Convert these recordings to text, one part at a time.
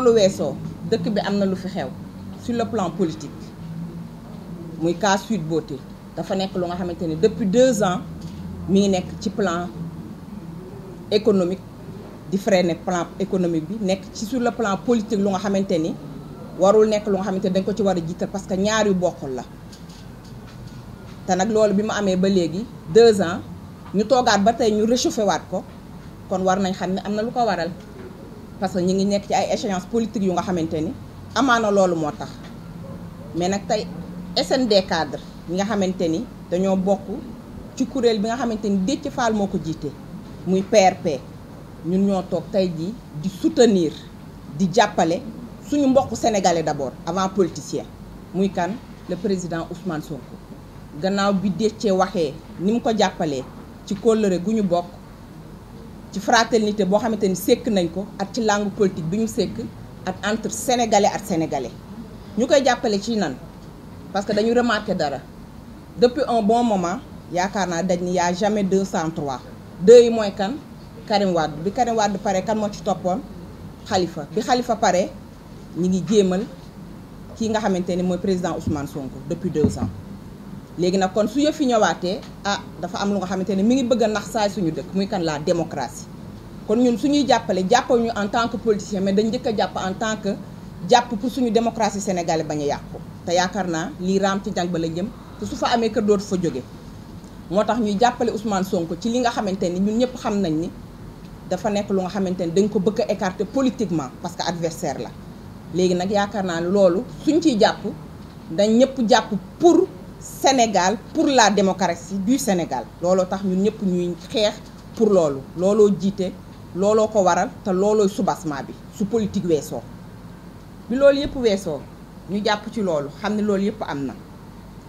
loolu weesoo dëkk bi am na lu fi xew sur le plan politique muy cas Sweet Beauté dafa nekk lu nga xamante ni depuis deux ans mu ngi nekk ci plan économique di freiner plan économique bi nekk ci sur le plan politique lu nga xamante ni warul nekk lu nga xamante ni dañ ko ci war a jiital parce que ñaar yu bokkul la te nag loolu bi mu amee ba léegi deux ans ñu toogaat ba tey ñu réchauffé waat ko kon war nañ xam ne am na lu ko waral parce que ñu ngi nekk ci ay échéances politiques yu nga xamante ni amaana loolu moo tax mais nag tey SND cadre ñi nga xamante ni dañoo bokk ci kuréel bi nga xamante ni Déthié Fall moo ko jiite muy PRP ñun ñoo toog tey jii di soutenir di jàppale suñu mbokk sénégalais d'abord avant politicien muy kan le président Ousmane Sonko gannaaw bi Déthié waxee ni mu ko jàppalee ci kóllëre gu ñu bokk ci fraternité boo xamante ni sekk nañ ko ak ci langue politique bi ñu sekk ak entre sénégalais ak sénégalais ñu koy jàppale ci nan parce que dañu remarqué dara depuis un bon moment yaakaar naa dañ ni y a jamais deux sans trois deux yi mooy kan Karim Wade bi Karim Wade pare kan moo ci toppoon xalifa bi xalifa pare ñi ngi jéemal kii nga xamante ni mooy président Ousmane Sonko depuis deux ans léegi nag kon su yëf fi ñëwaatee ah dafa am lu nga xamante ne mi ngi bëgg a nax saay suñu dëkk muy kan laa démocratie kon ñun suñuy jàppale jàppal ñu en tant que politicien mais dañ njëkk jàpp en tant que jàpp pour suñu démocratie sénégalais bañu yàqu te yaakaar naa lii raam ci jàng ba la jëm te su fa amee kër dootu fa jóge moo tax ñuy jàppale Ousmane Sonko ci li nga xamante ni ñun ñëpp xam nañ ni dafa nekk lu nga xamante ni dañ ko bëgg a politiquement parce que adversaire la léegi nag yaakaar naa loolu suñ ciy jàpp dañ ñëpp jàpp pour Sénégal pour la démocratie du Sénégal looloo tax ñun ñëpp ñuy xeex pour loolu looloo jiite looloo ko waral te looloo soubassement bi su politique weesoo bi loolu yëpp weesoo ñu jàpp ci loolu xam ne loolu yëpp am na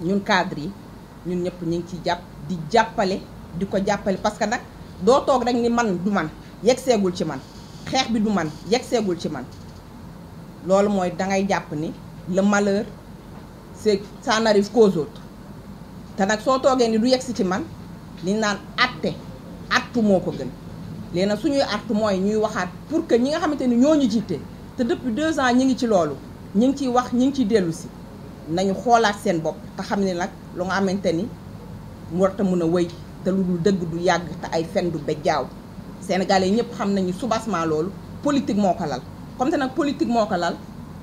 ñun cadre yi ñun ñëpp ñu ngi ciy jàpp di jàppale di ko jàppale parce que nag doo toog rek ni man du man yegg seegul ci man xeex bi du man yegg seegul ci man loolu mooy dangay jàpp ni la malheur c'est ça n'arrive qu'aux autres te nag soo toogee ni du yegsi ci man li naan atte attu moo ko gën léegi nag suñuy artu mooy ñuy waxaat pour que ñi nga xamante ni ñoo ñu jiite te depuis deux ans ñi ngi ci loolu ñi ngi ciy wax ñi ngi ciy dellu si nañu xoolaat seen bopp te xam ne nag lu nga xamante ni war te mën a wéy te lu dul dëgg du yàgg te ay fen du bejjaaw Sénégalais ñëpp xam nañu soubassement loolu politique moo ko lal comme te nag politique moo ko lal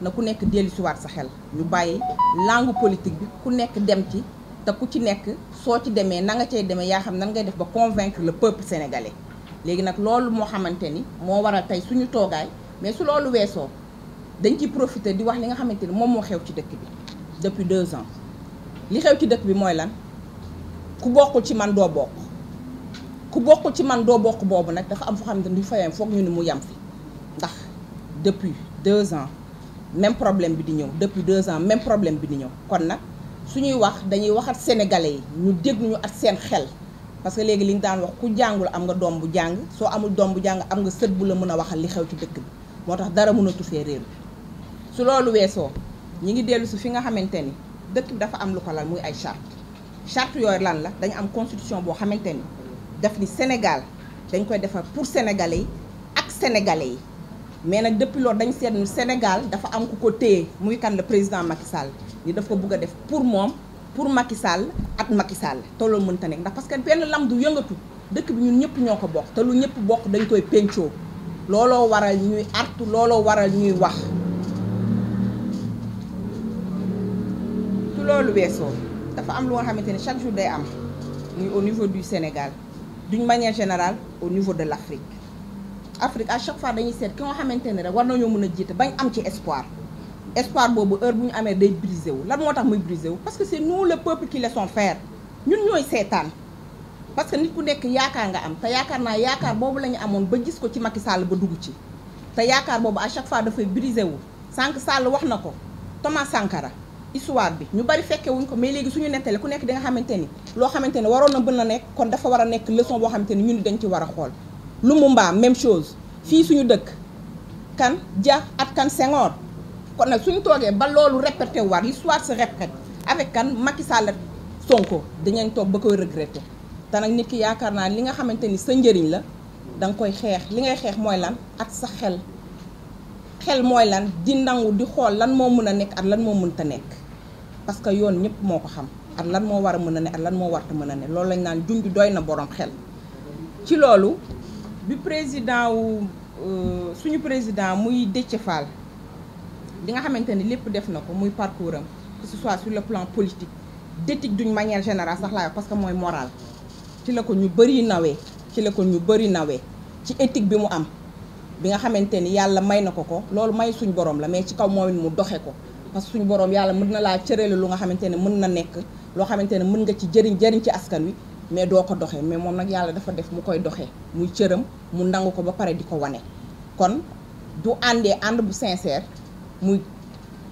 na ku nekk dellusiwaat sa xel ñu bàyyi langue politique bi ku nekk dem ci te ku ci nekk soo ci demee na nga cay demee yaa xam nan ngay def ba convaincre le peuple sénégalais léegi nag loolu moo xamante ni moo waral tey suñu toogaay mais su loolu weesoo dañ ci profiter di wax li nga xamante ni moom moo xew ci dëkk bi depuis deux ans li xew ci dëkk bi mooy lan ku bokkul ci man doo bokk ku bokkul ci man doo bokk boobu nag dafa am foo xam ne dañu fayam foog ñu ni mu yam fi ndax depuis deux ans même problème bi di ñëw depuis deux ans même problème bi di ñëw kon nag suñuy wax dañuy wax ak sénégalais yi ñu dégguñu ak seen xel parce que léegi li ñu daan wax ku jàngul am nga doom bu jàng soo amul doom bu jàng am nga sët bu la mën a waxal li xew ci dëkk bi moo tax dara mënatu fee réer su loolu weesoo ñi ngi dellu si fi nga xamante ni dëkk bi dafa am lu ko lan muy ay charte charte yooyu lan la dañu am constitution boo xamante ni daf ni Sénégal dañ koy defar pour sénégalais yi ak sénégalais yi mais nag depuis loolu dañ seetlu Sénégal dafa am ku ko téye muy kan la président Macky Sall ni daf ko bëgg a def pour moom pour Macky ak at Macky Sall te loolu mënta nekk ndax parce que benn lam du yëngatu dëkk bi ñun ñëpp ñoo ko bokk te lu ñëpp bokk dañ koy pencoo looloo waral ñuy artu looloo waral ñuy wax su loolu weesoo dafa am lu nga xamante ne chaque jour day am muy au niveau du Sénégal du ñu manière général au niveau de l'Afrique Afrique à chaque fois dañuy seet ki nga xamante ne rek war nañoo mën a jiite bañ am ci espoir espoir boobu heure bu ñu amee day brisé wu lan moo tax muy brisé wu parce que c'est nous le peuple qui laissons faire ñun ñooy seetaan parce que nit ku nekk yaakaar nga am te yaakaar naa yaakaar boobu la amoon ba gis ko ci Macky Sall ba dugg ci te yaakaar boobu à chaque fois dafay brisé wu sànq Sall wax na ko Thomas Sankara histoire bi ñu bari fekke wuñ ko mais léegi suñu nettali ku nekk di nga xamante ni loo xamante ni na mën a nekk kon dafa war a nekk leçon boo xamante ni ñun dañ ci war a xool lu mu mbaam même chose fii suñu dëkk kan Dia at kan Senghor kon nag suñu toogee ba loolu répété war l'histoire se répète avec kan Macky Sall Sonko dañu toog ba koy regretter te nag nit ki yaakaar naa li nga xamante ni sa njëriñ la danga koy xeex li ngay xeex mooy lan ak sa xel xel mooy lan di nangu di xool lan moo mën a nekk at lan moo mënta nekk parce que yoon ñëpp moo ko xam ak lan moo war a mën a ne ak lan moo warta mën a ne loolu lañ naan junj doy na borom xel loolu bi président wu euh, suñu président muy Déthié Fall li nga xamante ni lépp def na ko muy parcours am que ce soit sur le plan politique d'éthique d'une manière générale sax laa parce que mooy moral ci la ko ñu bëri nawee ci la ñu bëri nawee ci éthique bi mu am bi nga xamante ni yàlla may na ko ko loolu may suñ borom la mais ci kaw moom mu doxe ko parce que suñu borom yàlla mën na laa cërale lu nga xamante ne mën na nekk loo xamante ne mën nga ci jëriñ jariñ ci askan wi mais doo ko doxee mais moom nag yàlla dafa def mu koy doxee muy cëram mu nangu ko ba pare di ko wane kon du àndee ànd bu sincère muy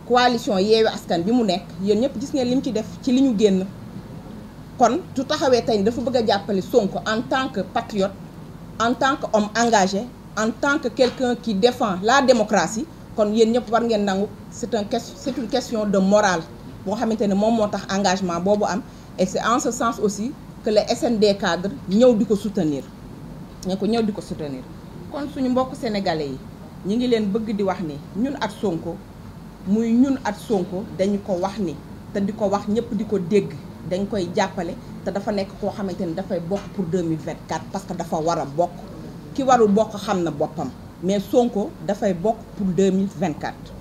coalition yeewi askan bi mu nekk yéen ñëpp gis ngeen li mu ci def ci li ñu génn kon du taxawee tey dafa bëgg a jàppale Sonko en tant que patriote en tant que homme engagé en tant que quelqu'un qui défend la démocratie kon yéen ñëpp war ngeen nangu c'est un c'est une question de morale boo xamante ne moom moo tax engagement boobu am et en ce aussi que le SND cadre ñëw di ko soutenir ne ko ñëw di ko soutenir kon suñu mbokk sénégalais yi ñu ngi leen bëgg di wax ni ñun at Sonko muy ñun ak Sonko dañu ko wax ni te di ko wax ñëpp di ko dégg dañ koy jàppale te dafa nekk koo xamante ni dafay bokk pour 2024 parce que dafa war bokk ki warul bokk xam na boppam mais Sonko dafay bokk pour vingt 2024